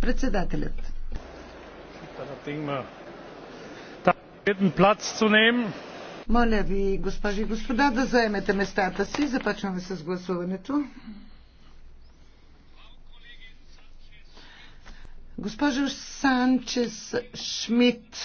Председателят. Моля ви, госпожи и господа, да заемете местата си. Започваме с гласуването. Госпожо Санчес Шмидт,